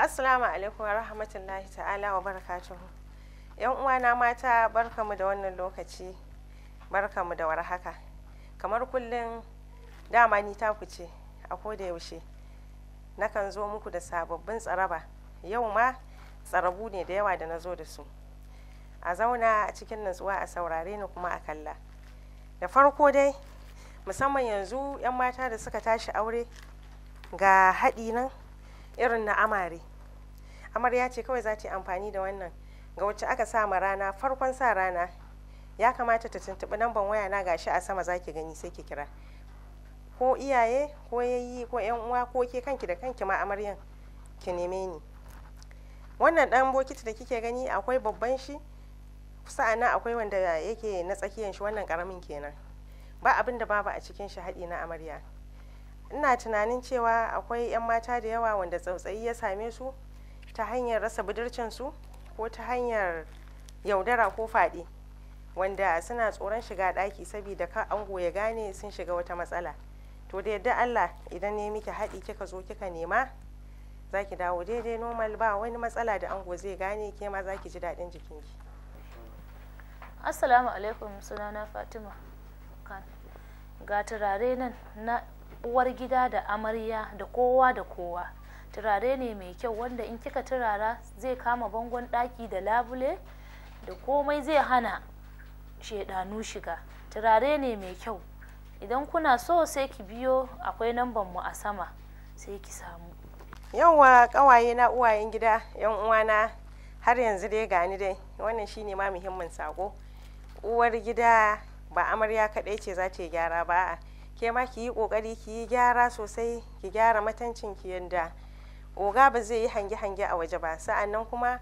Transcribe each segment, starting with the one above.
Assalamu alaikum wa rahmatullahi ta'ala wa barakatuhu. ‘Yan uwana mata barkamu da wannan lokaci, barkamu da warhaka. Kamar kullum dama ni ta ce a koda yaushe. Nakan zo muku da sababbin tsaraba. Yau ma tsarabu ne da yawa da na zo da su. A zauna a cikin nutsuwa a saurare ni kuma a kalla. Da farko dai, musamman yanzu ‘yan mata da suka tashi aure ga haɗi nan irin na amare amarya ce kawai za ta yi amfani da wannan ga wacce aka sama rana farkon sa rana ya kamata ta tuntuɓi namban waya na gashi a sama za ki gani sai ki kira ko iyaye ko yayi ko yan uwa ko ke kanki da kanki ma amaryan ki neme ni wannan dan bokiti da kike gani akwai babban shi sa'ana akwai wanda yake na tsakiyan shi wannan karamin kenan ba abin da babu a cikin shi haɗi na amarya ina tunanin cewa akwai 'yan mata da yawa wanda tsautsayi ya same su ta hanyar rasa budurcinsu ko ta hanyar yaudara ko faɗi wanda suna tsoron shiga ɗaki saboda ka ango ya gane sun shiga wata matsala to da yadda allah idan ne miki haɗi kika zo kika nema za ki dawo daidai normal ba wani matsala da ango zai gane ke ma za ki ji daɗin jikinki assalamu alaikum sunana fatima ga turare nan na uwar gida da amarya da kowa da kowa turare ne mai kyau wanda in kika turara zai kama bangon daki da labule da komai zai hana shedanu shiga turare ne mai kyau idan kuna so sai ki biyo akwai namban mu a sama sai ki samu yawwa kawaye na uwayen gida yan uwana har yanzu dai gani dai wannan shine ma muhimmin sako uwar gida ba amarya kaɗai ce za ta gyara ba ke ma ki yi kokari ki yi gyara sosai ki gyara matancin ki yanda oga ba zai yi hange hange a waje ba sa'annan kuma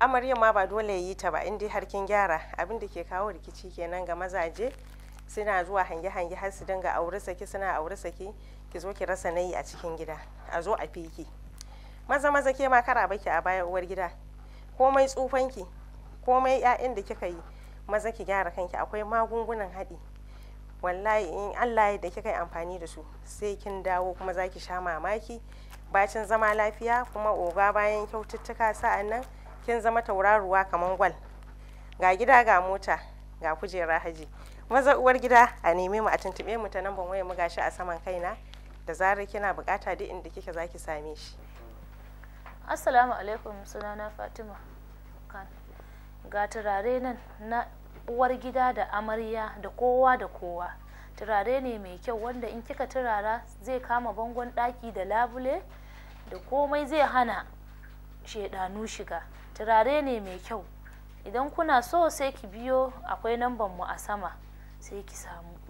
amarya ma ba dole yi ta ba in dai har kin gyara abin da ke kawo rikici kenan ga mazaje suna zuwa hange hange har su dinga aure saki suna aure saki ki zo ki rasa nayi a cikin gida a zo a fiki maza maza ke ma kara baki a bayan uwar gida komai tsufanki komai 'ya'yan da kika yi maza ki gyara kanki akwai magungunan haɗi wallahi in allah ya da kika yi amfani da su sai kin dawo kuma za ki sha mamaki bacin zama lafiya kuma oga bayan kyaututtuka sa'an nan kin zama tauraruwa kamar gwal ga gida ga mota ga kujera haji maza uwar gida a neme mu a tuntube mu ta nan ban waya mu gashi a saman kaina da zarar kina bukata duk inda kika zaki same shi assalamu alaikum sunana fatima kan ga turare nan na uwar gida da amarya da kowa da kowa turare ne mai kyau wanda in kika turara zai kama bangon daki da labule da komai zai hana shedanu shiga turare ne mai kyau idan kuna so sai ki biyo akwai namban mu a sama sai ki samu